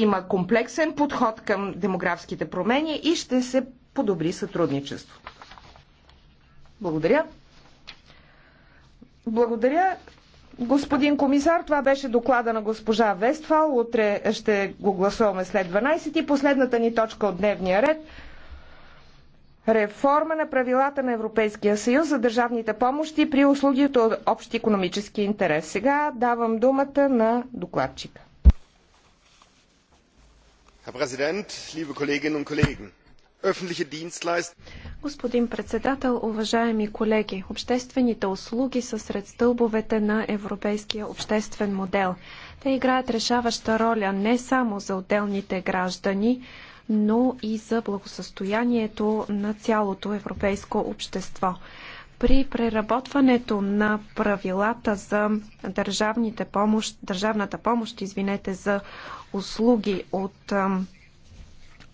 има комплексен подход към демографските промени и ще се подобри сътрудничество. Благодаря. Благодаря, господин комисар. Това беше доклада на госпожа Вестфал. Утре ще го гласуваме след 12. И последната ни точка от дневния ред реформа на правилата на Европейския съюз за държавните помощи при услугите от общ економически интерес. Сега давам думата на докладчика. Господин председател, уважаеми колеги! Обществените услуги са сред стълбовете на европейския обществен модел. Те играят решаваща роля не само за отделните граждани, но и за благосъстоянието на цялото европейско общество. При преработването на правилата за държавните помощ, държавната помощ, извинете, за услуги от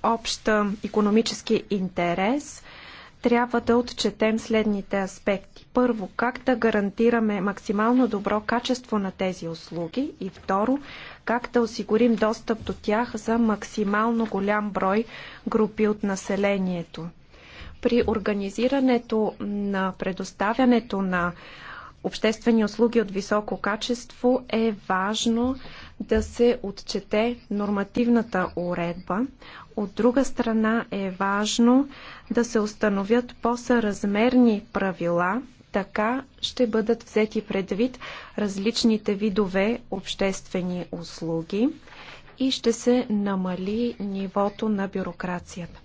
общ економически интерес, трябва да отчетем следните аспекти. Първо, как да гарантираме максимално добро качество на тези услуги и второ, как да осигурим достъп до тях за максимално голям брой групи от населението. При организирането на предоставянето на обществени услуги от високо качество е важно да се отчете нормативната уредба. От друга страна е важно да се установят по-съразмерни правила, така ще бъдат взети предвид различните видове обществени услуги и ще се намали нивото на бюрокрацията.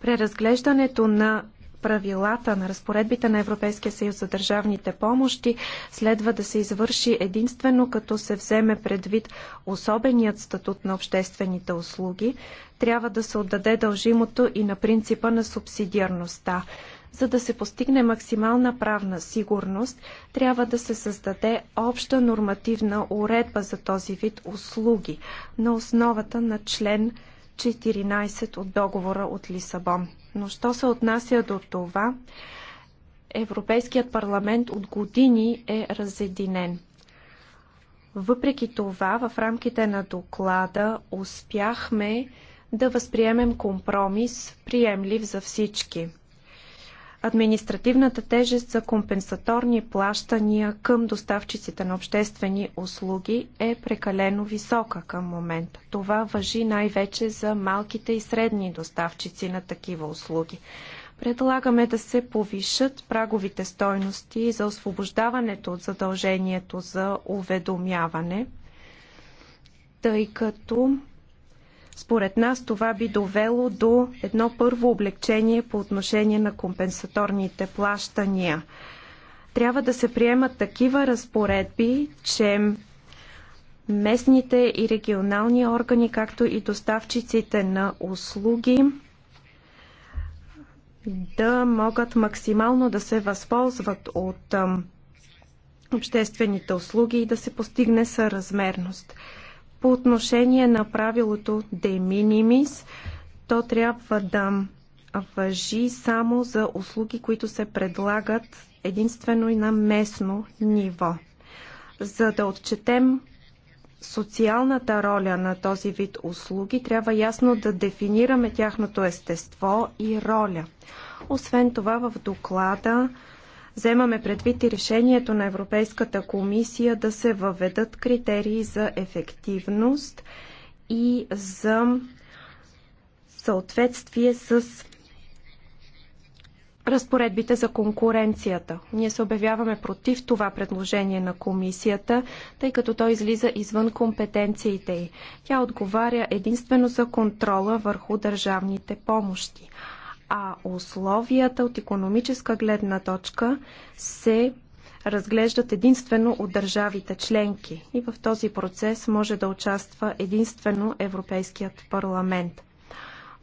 Преразглеждането на правилата на разпоредбите на Европейския съюз за държавните помощи следва да се извърши единствено като се вземе предвид особеният статут на обществените услуги, трябва да се отдаде дължимото и на принципа на субсидиарността. За да се постигне максимална правна сигурност, трябва да се създаде обща нормативна уредба за този вид услуги на основата на член 14 от договора от Лисабон. Но що се отнася до това, Европейският парламент от години е разединен. Въпреки това, в рамките на доклада успяхме да възприемем компромис, приемлив за всички административната тежест за компенсаторни плащания към доставчиците на обществени услуги е прекалено висока към момента. Това въжи най-вече за малките и средни доставчици на такива услуги. Предлагаме да се повишат праговите стойности за освобождаването от задължението за уведомяване, тъй като според нас това би довело до едно първо облегчение по отношение на компенсаторните плащания. Трябва да се приемат такива разпоредби, че местните и регионални органи, както и доставчиците на услуги, да могат максимално да се възползват от обществените услуги и да се постигне съразмерност. По отношение на правилото de minimis, то трябва да въжи само за услуги, които се предлагат единствено и на местно ниво. За да отчетем социалната роля на този вид услуги, трябва ясно да дефинираме тяхното естество и роля. Освен това, в доклада Вземаме предвид и решението на Европейската комисия да се въведат критерии за ефективност и за съответствие с разпоредбите за конкуренцията. Ние се обявяваме против това предложение на комисията, тъй като то излиза извън компетенциите й. Тя отговаря единствено за контрола върху държавните помощи а условията от економическа гледна точка се разглеждат единствено от държавите членки и в този процес може да участва единствено Европейският парламент.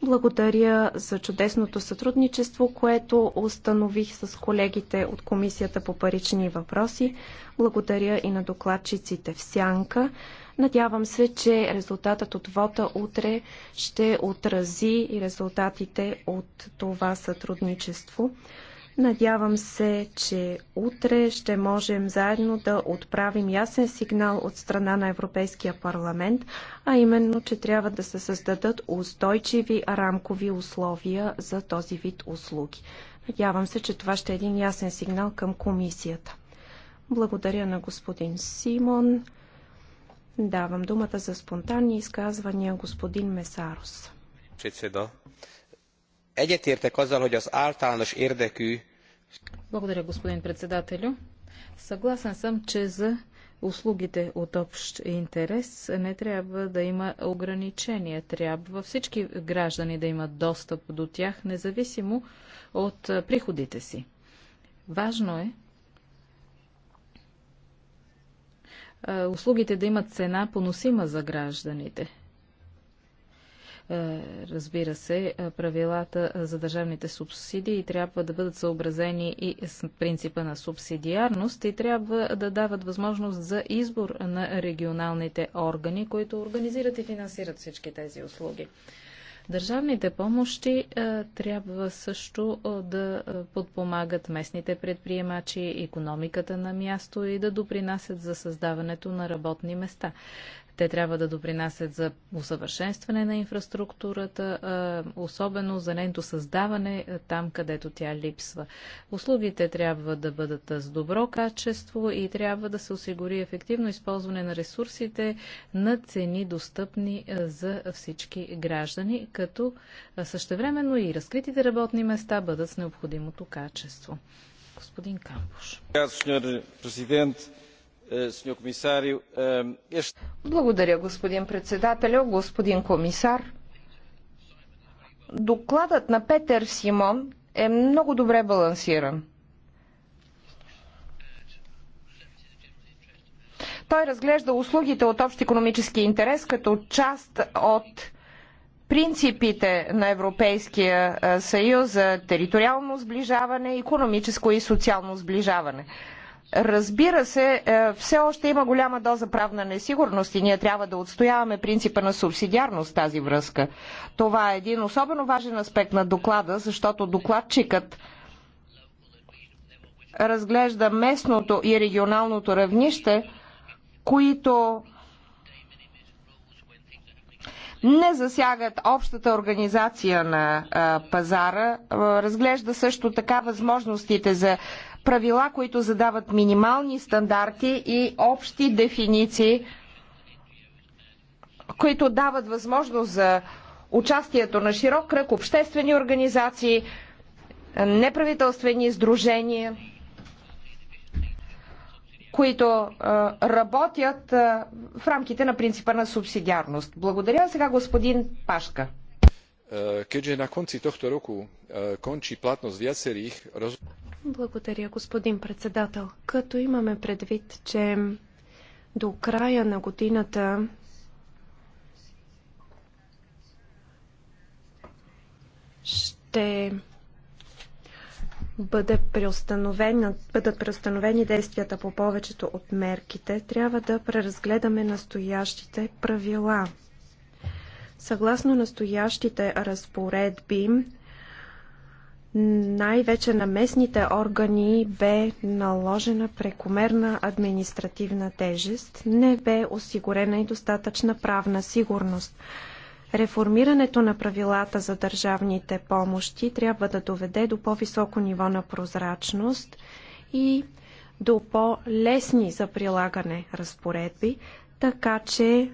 Благодаря за чудесното сътрудничество, което установих с колегите от Комисията по парични въпроси. Благодаря и на докладчиците в Сянка. Надявам се, че резултатът от вота утре ще отрази и резултатите от това сътрудничество. Надявам се, че утре ще можем заедно да отправим ясен сигнал от страна на Европейския парламент, а именно, че трябва да се създадат устойчиви рамкови условия за този вид услуги. Надявам се, че това ще е един ясен сигнал към комисията. Благодаря на господин Симон. Давам думата за спонтанни изказвания господин Месарос. Председо, Egyetértek azzal, hogy az általános érdekű... Благодаря, господин председателю. Съгласен съм, че за услугите от общ интерес не трябва да има ограничения. Трябва всички граждани да имат достъп до тях, независимо от приходите си. Важно е услугите да имат цена поносима за гражданите. Е, разбира се, е, правилата за държавните субсидии трябва да бъдат съобразени и с принципа на субсидиарност и трябва да дават възможност за избор на регионалните органи, които организират и финансират всички тези услуги. Държавните помощи а, е, трябва също а, да подпомагат местните предприемачи, економиката на място и да допринасят за създаването на работни места. Те трябва да допринасят за усъвършенстване на инфраструктурата, особено за нейното създаване там, където тя липсва. Услугите трябва да бъдат с добро качество и трябва да се осигури ефективно използване на ресурсите на цени достъпни за всички граждани, като същевременно и разкритите работни места бъдат с необходимото качество. Господин Кампуш. Е, е, е, Благодаря, господин председателю, господин комисар. Докладът на Петър Симон е много добре балансиран. Той разглежда услугите от общ економически интерес като част от принципите на Европейския съюз за териториално сближаване, економическо и социално сближаване. Разбира се, е, все още има голяма доза правна несигурност и ние трябва да отстояваме принципа на субсидиарност в тази връзка. Това е един особено важен аспект на доклада, защото докладчикът разглежда местното и регионалното равнище, които не засягат общата организация на пазара. Разглежда също така възможностите за правила, които задават минимални стандарти и общи дефиниции, които дават възможност за участието на широк кръг обществени организации, неправителствени сдружения, които работят в рамките на принципа на субсидиарност. Благодаря сега господин Пашка. Keďže е, на конци тохто року е, кончи платност viacerých благодаря, господин председател. Като имаме предвид, че до края на годината ще бъде преустановен, бъдат преустановени действията по повечето от мерките, трябва да преразгледаме настоящите правила. Съгласно настоящите разпоредби, най-вече на местните органи бе наложена прекомерна административна тежест, не бе осигурена и достатъчна правна сигурност. Реформирането на правилата за държавните помощи трябва да доведе до по-високо ниво на прозрачност и до по-лесни за прилагане разпоредби, така че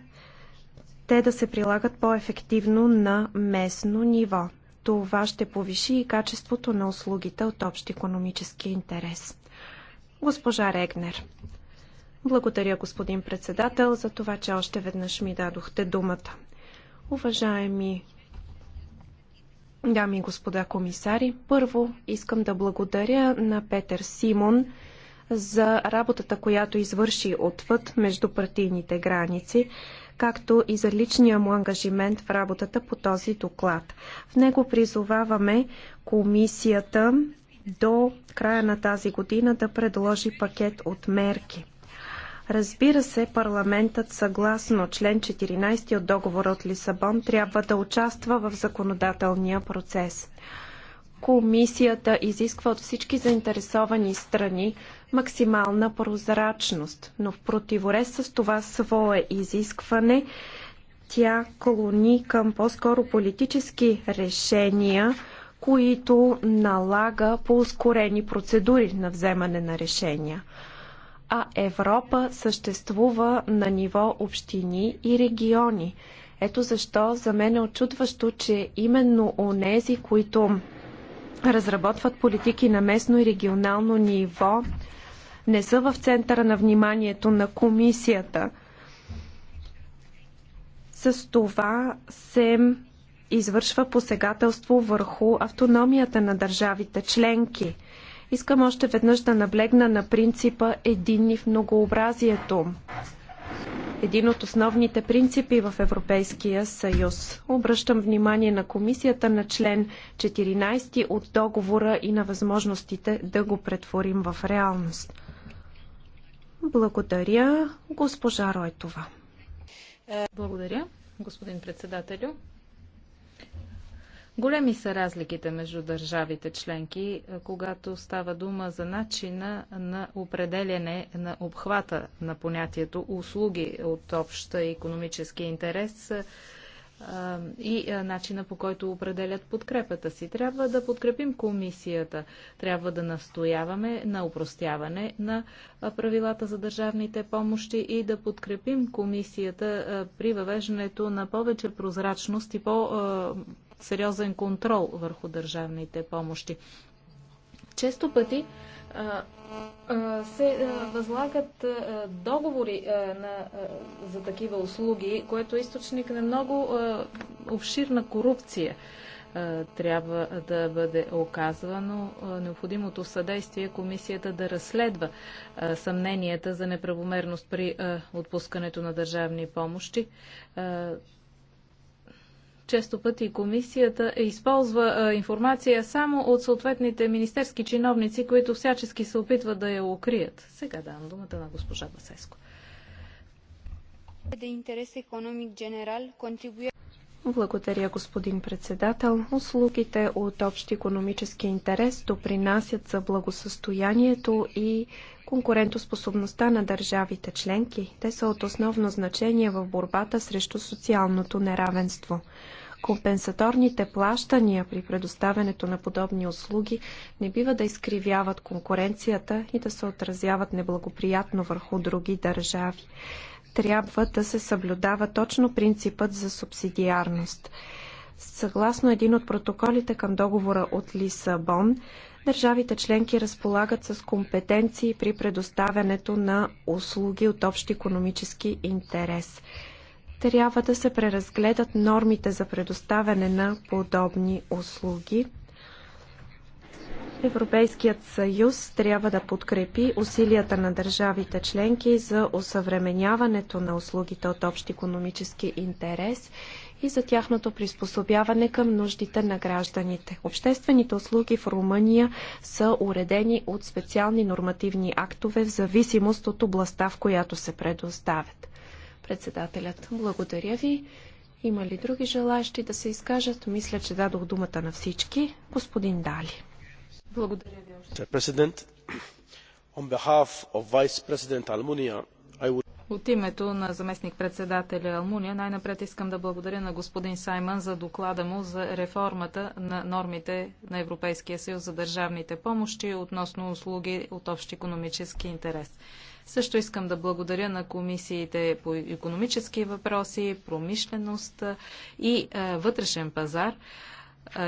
те да се прилагат по-ефективно на местно ниво. Това ще повиши и качеството на услугите от общ економически интерес. Госпожа Регнер. Благодаря, господин председател, за това, че още веднъж ми дадохте думата. Уважаеми дами и господа комисари, първо искам да благодаря на Петър Симон за работата, която извърши отвъд между партийните граници както и за личния му ангажимент в работата по този доклад. В него призоваваме комисията до края на тази година да предложи пакет от мерки. Разбира се, парламентът съгласно член 14 от договора от Лисабон трябва да участва в законодателния процес. Комисията изисква от всички заинтересовани страни максимална прозрачност, но в противорез с това свое изискване тя клони към по-скоро политически решения, които налага по ускорени процедури на вземане на решения. А Европа съществува на ниво общини и региони. Ето защо за мен е очудващо, че именно онези, които разработват политики на местно и регионално ниво, не са в центъра на вниманието на комисията. С това се извършва посегателство върху автономията на държавите членки. Искам още веднъж да наблегна на принципа единни в многообразието един от основните принципи в Европейския съюз. Обръщам внимание на комисията на член 14 от договора и на възможностите да го претворим в реалност. Благодаря, госпожа Ройтова. Благодаря, господин председателю. Големи са разликите между държавите членки, е, когато става дума за начина на определене на обхвата на понятието услуги от обща економически интерес е, и е, начина по който определят подкрепата си. Трябва да подкрепим комисията, трябва да настояваме на упростяване на правилата за държавните помощи и да подкрепим комисията при въвеждането на повече прозрачност и по сериозен контрол върху държавните помощи. Често пъти се възлагат договори за такива услуги, което е източник на много обширна корупция трябва да бъде оказвано необходимото съдействие комисията да разследва съмненията за неправомерност при отпускането на държавни помощи. Често пъти комисията е използва информация само от съответните министерски чиновници, които всячески се опитват да я укрият. Сега давам думата на госпожа Басеско. De interes economic general contribuie благодаря, господин председател. Услугите от общ економически интерес допринасят за благосъстоянието и конкурентоспособността на държавите членки. Те са от основно значение в борбата срещу социалното неравенство. Компенсаторните плащания при предоставянето на подобни услуги не бива да изкривяват конкуренцията и да се отразяват неблагоприятно върху други държави. Трябва да се съблюдава точно принципът за субсидиарност. Съгласно един от протоколите към договора от Лисабон, държавите членки разполагат с компетенции при предоставянето на услуги от общ економически интерес трябва да се преразгледат нормите за предоставяне на подобни услуги. Европейският съюз трябва да подкрепи усилията на държавите членки за осъвременяването на услугите от общ економически интерес и за тяхното приспособяване към нуждите на гражданите. Обществените услуги в Румъния са уредени от специални нормативни актове в зависимост от областта, в която се предоставят. Председателят, благодаря ви. Има ли други желащи да се изкажат? Мисля, че дадох думата на всички. Господин Дали. Благодаря ви още. От името на заместник-председателя Алмуния най-напред искам да благодаря на господин Саймън за доклада му за реформата на нормите на Европейския съюз за държавните помощи относно услуги от общ економически интерес. Също искам да благодаря на комисиите по економически въпроси, промишленост и е, вътрешен пазар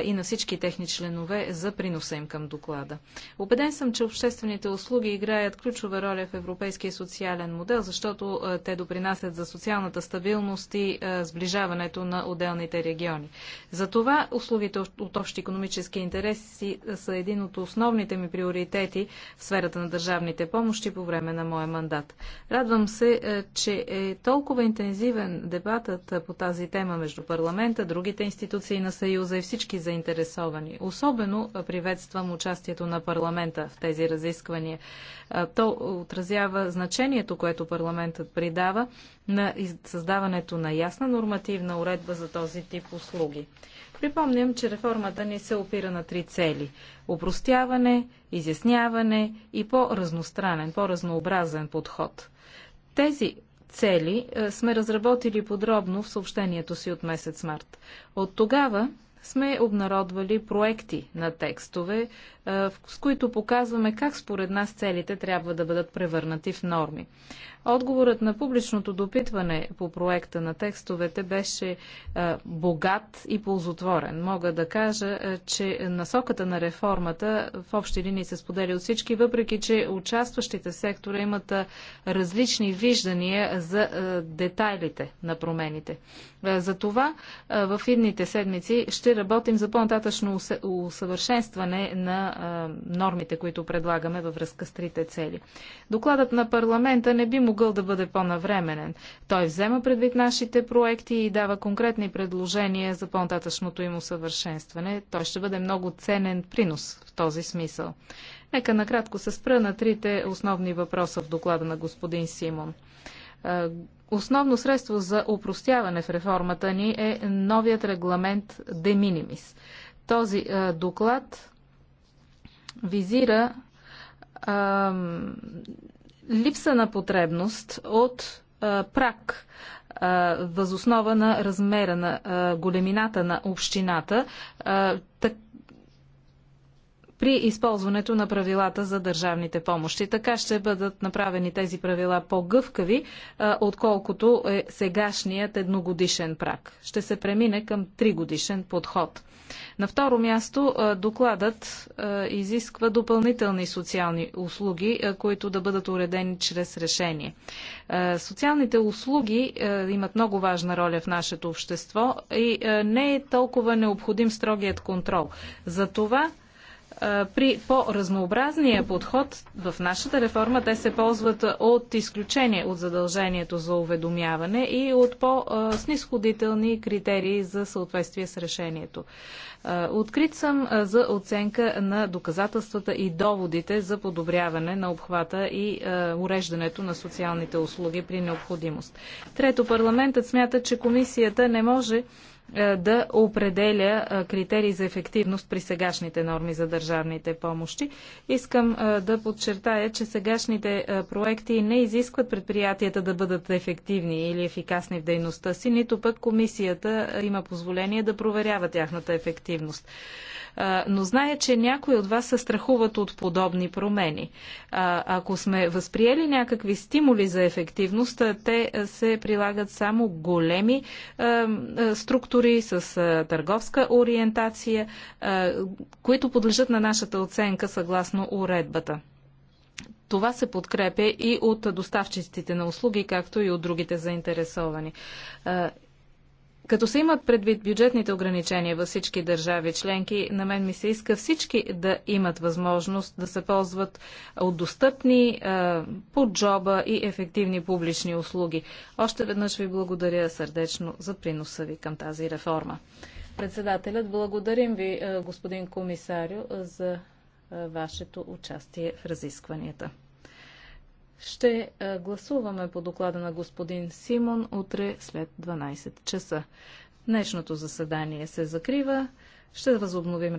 и на всички техни членове за приноса им към доклада. Обеден съм, че обществените услуги играят ключова роля в европейския социален модел, защото те допринасят за социалната стабилност и сближаването на отделните региони. Затова услугите от общи економически интереси са един от основните ми приоритети в сферата на държавните помощи по време на моя мандат. Радвам се, че е толкова интензивен дебатът по тази тема между парламента, другите институции на Съюза и всички всички заинтересовани. Особено приветствам участието на парламента в тези разисквания. То отразява значението, което парламентът придава на създаването на ясна нормативна уредба за този тип услуги. Припомням, че реформата ни се опира на три цели – упростяване, изясняване и по-разностранен, по-разнообразен подход. Тези цели сме разработили подробно в съобщението си от месец март. От тогава сме обнародвали проекти на текстове, е, с които показваме как според нас целите трябва да бъдат превърнати в норми. Отговорът на публичното допитване по проекта на текстовете беше е, богат и ползотворен. Мога да кажа, е, че насоката на реформата в общи линии се споделя от всички, въпреки че участващите сектора имат различни виждания за детайлите на промените. За това в идните седмици ще работим за по-нататъчно усъвършенстване на нормите, които предлагаме във връзка с трите цели. Докладът на парламента не би могъл да бъде по-навременен. Той взема предвид нашите проекти и дава конкретни предложения за по-нататъчното им усъвършенстване. Той ще бъде много ценен принос в този смисъл. Нека накратко се спра на трите основни въпроса в доклада на господин Симон. Е, основно средство за упростяване в реформата ни е новият регламент De Minimis. Този е, доклад визира а, липса на потребност от а, е, прак възоснова на размера на големината на общината при използването на правилата за държавните помощи. Така ще бъдат направени тези правила по-гъвкави, отколкото е сегашният едногодишен прак. Ще се премине към тригодишен подход. На второ място, докладът изисква допълнителни социални услуги, които да бъдат уредени чрез решение. Социалните услуги имат много важна роля в нашето общество и не е толкова необходим строгият контрол. За това при по-разнообразния подход в нашата реформа те се ползват от изключение от задължението за уведомяване и от по-снисходителни критерии за съответствие с решението. Открит съм за оценка на доказателствата и доводите за подобряване на обхвата и уреждането на социалните услуги при необходимост. Трето, парламентът смята, че комисията не може е, да определя е, критерии за ефективност при сегашните норми за държавните помощи. Искам е, да подчертая, че сегашните проекти не изискват предприятията да бъдат ефективни или ефикасни в дейността си, нито пък комисията има позволение да проверява тяхната ефективност но зная, че някои от вас се страхуват от подобни промени. Ако сме възприели някакви стимули за ефективност, те се прилагат само големи структури сектори с търговска ориентация, които подлежат на нашата оценка съгласно уредбата. Това се подкрепя и от доставчиците на услуги, както и от другите заинтересовани. Като се имат предвид бюджетните ограничения във всички държави членки, на мен ми се иска всички да имат възможност да се ползват от достъпни под джоба и ефективни публични услуги. Още веднъж ви благодаря сърдечно за приноса ви към тази реформа. Председателят, благодарим ви, господин комисарю, за вашето участие в разискванията. Ще гласуваме по доклада на господин Симон утре след 12 часа. Днешното заседание се закрива. Ще възобновим